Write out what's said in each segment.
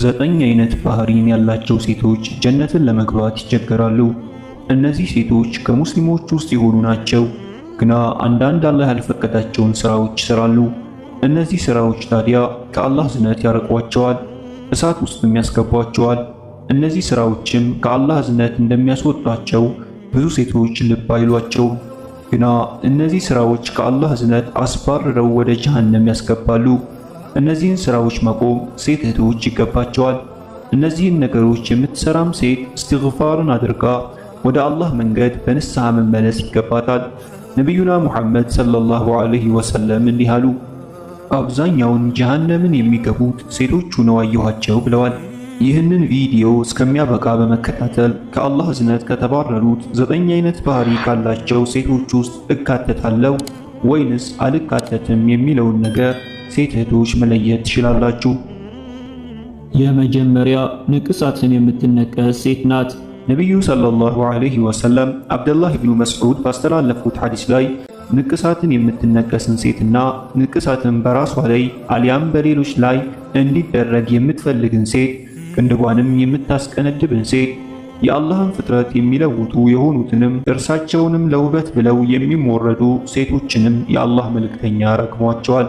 ዘጠኝ አይነት ባህሪን ያላቸው ሴቶች ጀነትን ለመግባት ይቸገራሉ። እነዚህ ሴቶች ከሙስሊሞች ውስጥ የሆኑ ናቸው፣ ግና አንዳንድ አላህ ያልፈቀዳቸውን ስራዎች ይሰራሉ። እነዚህ ስራዎች ታዲያ ከአላህ ዝነት ያርቋቸዋል፣ እሳት ውስጥም ያስገቧቸዋል። እነዚህ ስራዎችም ከአላህ ዝነት እንደሚያስወጣቸው ብዙ ሴቶች ልብ አይሏቸውም። ግና እነዚህ ስራዎች ከአላህ ዝነት አስባርረው ወደ ጀሃነም ያስገባሉ። እነዚህን ስራዎች ማቆም ሴት እህቶች ይገባቸዋል። እነዚህን ነገሮች የምትሰራም ሴት እስትግፋሩን አድርጋ ወደ አላህ መንገድ በንስሐ መመለስ ይገባታል። ነቢዩና ሙሐመድ ሰለላሁ ዐለይሂ ወሰለም እንዲህ አሉ፣ አብዛኛውን ጀሃነምን የሚገቡት ሴቶቹ ነው አየኋቸው ብለዋል። ይህንን ቪዲዮ እስከሚያበቃ በመከታተል ከአላህ እዝነት ከተባረሩት ዘጠኝ አይነት ባህሪ ካላቸው ሴቶች ውስጥ እካተታለሁ ወይንስ አልካተትም የሚለውን ነገር ሴት እህቶች መለየት ትችላላችሁ። የመጀመሪያ ንቅሳትን የምትነቀስ ሴት ናት። ነቢዩ ሰለላሁ ዐለይሂ ወሰለም አብደላህ ኢብኑ መስዑድ ባስተላለፉት ሐዲስ ላይ ንቅሳትን የምትነቀስን ሴትና ንቅሳትን በራሷ ላይ አሊያም በሌሎች ላይ እንዲደረግ የምትፈልግን ሴት ቅንድቧንም የምታስቀነድብን ሴት የአላህን ፍጥረት የሚለውጡ የሆኑትንም እርሳቸውንም ለውበት ብለው የሚሞረዱ ሴቶችንም የአላህ መልእክተኛ ረግሟቸዋል።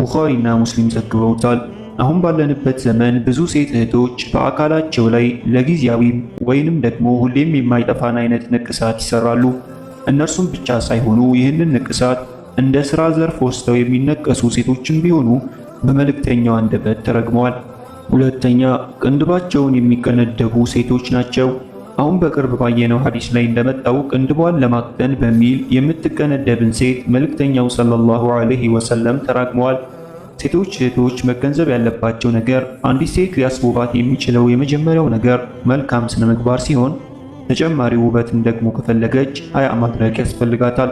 ቡኻሪና ሙስሊም ዘግበውታል። አሁን ባለንበት ዘመን ብዙ ሴት እህቶች በአካላቸው ላይ ለጊዜያዊም ወይንም ደግሞ ሁሌም የማይጠፋን አይነት ንቅሳት ይሰራሉ። እነርሱም ብቻ ሳይሆኑ ይህንን ንቅሳት እንደ ሥራ ዘርፍ ወስደው የሚነቀሱ ሴቶችም ቢሆኑ በመልእክተኛው አንደበት ተረግመዋል። ሁለተኛ ቅንድባቸውን የሚቀነደቡ ሴቶች ናቸው። አሁን በቅርብ ባየነው ሐዲስ ላይ እንደመጣው ቅንድቧን ለማቅጠን በሚል የምትቀነደብን ሴት መልእክተኛው ሰለላሁ ዐለይሂ ወሰለም ተራግመዋል። ሴቶች እህቶች መገንዘብ ያለባቸው ነገር አንዲት ሴት ሊያስውባት የሚችለው የመጀመሪያው ነገር መልካም ስነ ምግባር ሲሆን ተጨማሪ ውበትን ደግሞ ከፈለገች ሀያ ማድረግ ያስፈልጋታል።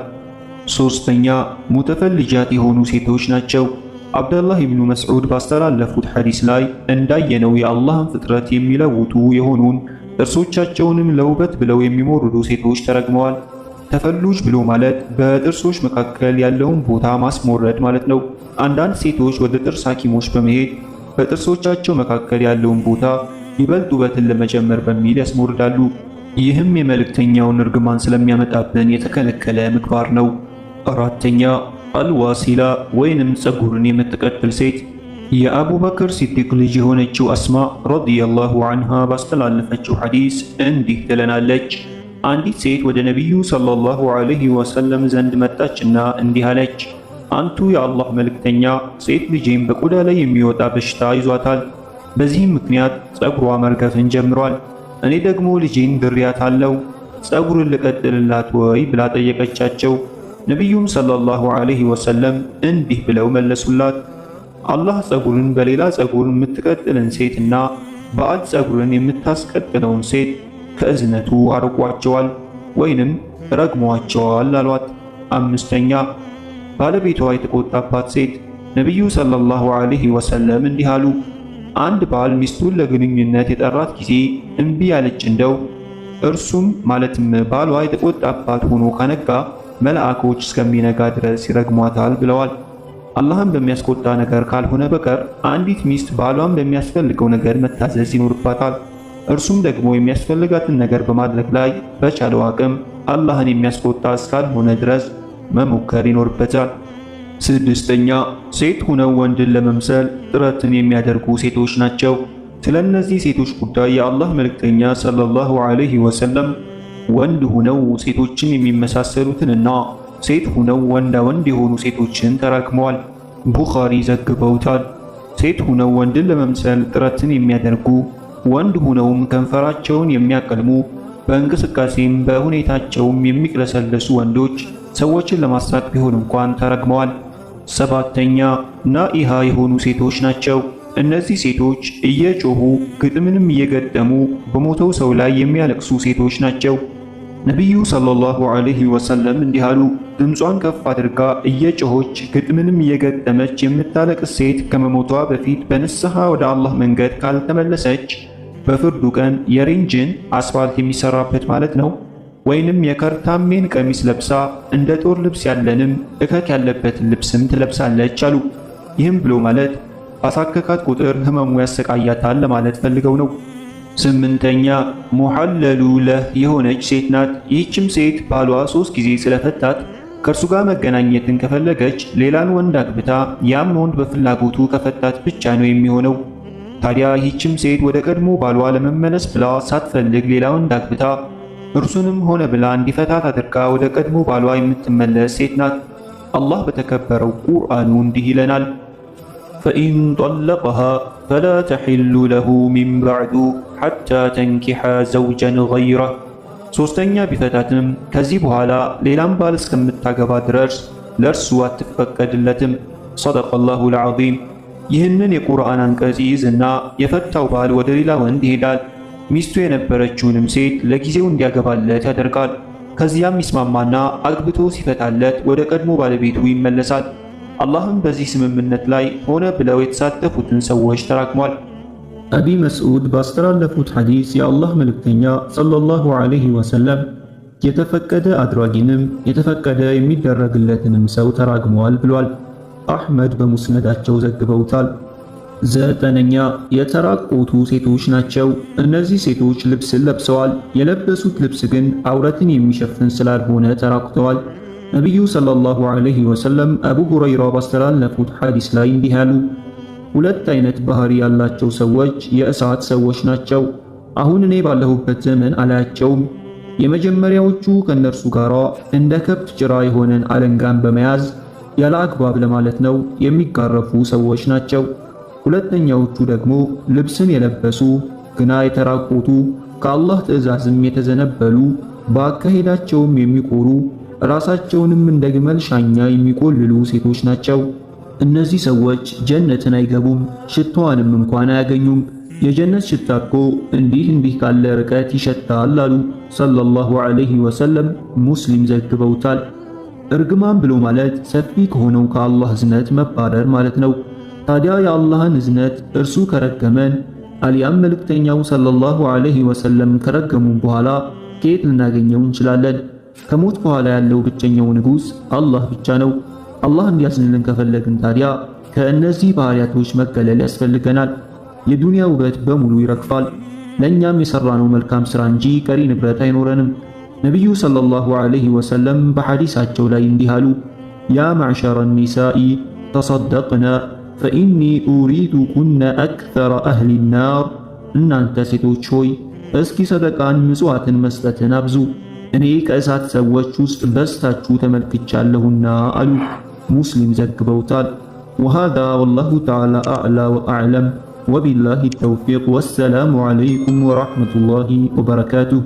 ሶስተኛ ሙተፈልጃት የሆኑ ሴቶች ናቸው። አብደላህ ኢብኑ መስዑድ ባስተላለፉት ሐዲስ ላይ እንዳየነው የአላህን ፍጥረት የሚለውጡ የሆኑን ጥርሶቻቸውንም ለውበት ብለው የሚሞርዱ ሴቶች ተረግመዋል። ተፈሉጅ ብሎ ማለት በጥርሶች መካከል ያለውን ቦታ ማስሞረድ ማለት ነው። አንዳንድ ሴቶች ወደ ጥርስ ሐኪሞች በመሄድ በጥርሶቻቸው መካከል ያለውን ቦታ ይበልጥ ውበትን ለመጨመር በሚል ያስሞርዳሉ። ይህም የመልእክተኛውን እርግማን ስለሚያመጣብን የተከለከለ ምግባር ነው። አራተኛ አልዋሲላ ወይንም ጸጉርን የምትቀጥል ሴት የአቡበክር ሲዲቅ ልጅ የሆነችው አስማ ረዲየላሁ አንሃ ባስተላለፈችው ሐዲስ እንዲህ ትለናለች። አንዲት ሴት ወደ ነቢዩ ሰለላሁ ዐለይሂ ወሰለም ዘንድ መጣችና እንዲህ አለች፣ አንቱ የአላህ መልእክተኛ፣ ሴት ልጄም በቆዳ ላይ የሚወጣ በሽታ ይዟታል። በዚህም ምክንያት ጸጉሯ መርገፍን ጀምሯል። እኔ ደግሞ ልጄን አለው። ጸጉርን ልቀጥልላት ወይ ብላ ጠየቀቻቸው። ነቢዩም ሰለላሁ ዐለይሂ ወሰለም እንዲህ ብለው መለሱላት አላህ ጸጉርን በሌላ ጸጉር የምትቀጥልን ሴትና ባዕድ ጸጉርን የምታስቀጥለውን ሴት ከእዝነቱ አርቋቸዋል ወይንም ረግሟቸዋል አሏት። አምስተኛ ባለቤቷ የተቆጣባት ሴት ነቢዩ ሰለላሁ ዐለይሂ ወሰለም እንዲህ አሉ። አንድ ባል ሚስቱን ለግንኙነት የጠራት ጊዜ እምቢ ያለች እንደው እርሱም ማለትም ባሏ የተቆጣባት ሆኖ ከነጋ መልአኮች እስከሚነጋ ድረስ ይረግሟታል ብለዋል። አላህን በሚያስቆጣ ነገር ካልሆነ በቀር አንዲት ሚስት ባሏን በሚያስፈልገው ነገር መታዘዝ ይኖርባታል። እርሱም ደግሞ የሚያስፈልጋትን ነገር በማድረግ ላይ በቻለው አቅም አላህን የሚያስቆጣ እስካልሆነ ድረስ መሞከር ይኖርበታል። ስድስተኛ ሴት ሆነው ወንድን ለመምሰል ጥረትን የሚያደርጉ ሴቶች ናቸው። ስለ እነዚህ ሴቶች ጉዳይ የአላህ መልእክተኛ ሰለላሁ ዐለይሂ ወሰለም ወንድ ሆነው ሴቶችን የሚመሳሰሉትንና ሴት ሁነው ወንዳ ወንድ የሆኑ ሴቶችን ተራክመዋል። ቡኻሪ ዘግበውታል። ሴት ሁነው ወንድን ለመምሰል ጥረትን የሚያደርጉ ወንድ ሁነውም ከንፈራቸውን የሚያቀልሙ በእንቅስቃሴም በሁኔታቸውም የሚቅለሰለሱ ወንዶች ሰዎችን ለማሳቅ ቢሆን እንኳን ተረግመዋል። ሰባተኛ ናኢሃ የሆኑ ሴቶች ናቸው። እነዚህ ሴቶች እየጮሁ ግጥምንም እየገጠሙ በሞተው ሰው ላይ የሚያለቅሱ ሴቶች ናቸው። ነቢዩ ሰለላሁ ዐለይሂ ወሰለም እንዲህ አሉ። ድምጿን ከፍ አድርጋ እየጮኸች ግጥምንም እየገጠመች የምታለቅስ ሴት ከመሞቷ በፊት በንስሐ ወደ አላህ መንገድ ካልተመለሰች በፍርዱ ቀን የሪንጅን አስፋልት የሚሰራበት ማለት ነው ወይንም የከርታሜን ቀሚስ ለብሳ እንደ ጦር ልብስ ያለንም እከክ ያለበትን ልብስም ትለብሳለች አሉ። ይህም ብሎ ማለት ባሳከካት ቁጥር ህመሙ ያሰቃያታል ለማለት ፈልገው ነው። ስምንተኛ ሙሐለሉ ለህ የሆነች ሴት ናት። ይህችም ሴት ባሏ ሶስት ጊዜ ስለፈታት ከእርሱ ጋር መገናኘትን ከፈለገች ሌላን ወንድ አግብታ ያም ወንድ በፍላጎቱ ከፈታት ብቻ ነው የሚሆነው። ታዲያ ይህችም ሴት ወደ ቀድሞ ባሏ ለመመለስ ብላ ሳትፈልግ ሌላ ወንድ አግብታ እርሱንም ሆነ ብላ እንዲፈታት አድርጋ ወደ ቀድሞ ባሏ የምትመለስ ሴት ናት። አላህ በተከበረው ቁርአኑ እንዲህ ይለናል فإن طلقها فلا تحل له من بعد حتى ተንኪሐ ዘውጀን ገይረ ሶስተኛ ቢፈታትም ከዚህ በኋላ ሌላም ባል እስከምታገባ ድረስ ለእርሱ አትፈቀድለትም። ሰደቀ ላሁ ልዓዚም። ይህንን የቁርአን አንቀጽ ይዝና የፈታው ባል ወደ ሌላ ወንድ ይሄዳል። ሚስቱ የነበረችውንም ሴት ለጊዜው እንዲያገባለት ያደርጋል። ከዚያም ይስማማና አግብቶ ሲፈታለት ወደ ቀድሞ ባለቤቱ ይመለሳል። አላህም በዚህ ስምምነት ላይ ሆነ ብለው የተሳተፉትን ሰዎች ተራግሟል። አቢ መስዑድ ባስተላለፉት ሐዲስ የአላህ መልእክተኛ ሰለላሁ ዐለይሂ ወሰለም የተፈቀደ አድራጊንም የተፈቀደ የሚደረግለትንም ሰው ተራግመዋል ብሏል። አሕመድ በሙስነዳቸው ዘግበውታል። ዘጠነኛ የተራቆቱ ሴቶች ናቸው። እነዚህ ሴቶች ልብስን ለብሰዋል። የለበሱት ልብስ ግን አውረትን የሚሸፍን ስላልሆነ ተራቁተዋል። ነቢዩ ሰለላሁ ዐለይሂ ወሰለም አቡ ሁረይራ ባስተላለፉት ሐዲስ ላይ እንዲህ አሉ፣ ሁለት አይነት ባህሪ ያላቸው ሰዎች የእሳት ሰዎች ናቸው። አሁን እኔ ባለሁበት ዘመን አላያቸውም። የመጀመሪያዎቹ ከእነርሱ ጋር እንደ ከብት ጭራ የሆነን አለንጋን በመያዝ ያለ አግባብ ለማለት ነው የሚጋረፉ ሰዎች ናቸው። ሁለተኛዎቹ ደግሞ ልብስን የለበሱ ግና የተራቆቱ ከአላህ ትእዛዝም የተዘነበሉ በአካሄዳቸውም የሚቆሩ። ራሳቸውንም እንደ ግመል ሻኛ የሚቆልሉ ሴቶች ናቸው። እነዚህ ሰዎች ጀነትን አይገቡም፣ ሽታዋንም እንኳን አያገኙም። የጀነት ሽታ እኮ እንዲህ እንዲህ ካለ ርቀት ይሸታል አሉ ሰለላሁ ዐለይሂ ወሰለም። ሙስሊም ዘግበውታል። እርግማን ብሎ ማለት ሰፊ ከሆነው ከአላህ እዝነት መባረር ማለት ነው። ታዲያ የአላህን እዝነት እርሱ ከረገመን አሊያም መልእክተኛው ሰለላሁ ዐለይሂ ወሰለም ከረገሙን በኋላ ከየት ልናገኘው እንችላለን? ከሞት በኋላ ያለው ብቸኛው ንጉሥ አላህ ብቻ ነው። አላህ እንዲያዝንልን ከፈለግን ታዲያ ከእነዚህ ባህሪያቶች መገለል ያስፈልገናል። የዱንያ ውበት በሙሉ ይረግፋል። ለእኛም የሠራነው መልካም ሥራ እንጂ ቀሪ ንብረት አይኖረንም። ነቢዩ ሰለላሁ ዐለይሂ ወሰለም በሐዲሳቸው ላይ እንዲህ አሉ፣ ያ መዕሸረ ኒሳኢ ተሰደቅነ ፈኢኒ ኡሪዱ ኩነ አክተረ አህሊ ናር። እናንተ ሴቶች ሆይ እስኪ ሰደቃን ምጽዋትን መስጠትን አብዙ እኔ ከእሳት ሰዎች ውስጥ በስታችሁ ተመልክቻለሁና አሉ። ሙስሊም ዘግበውታል። ወሃዛ ወላሁ ተዓላ አዕላ ወአዕለም ወቢላሂ ተውፊቅ። ወሰላሙ ዓለይኩም ወረሕመቱላሂ ወበረካቱሁ።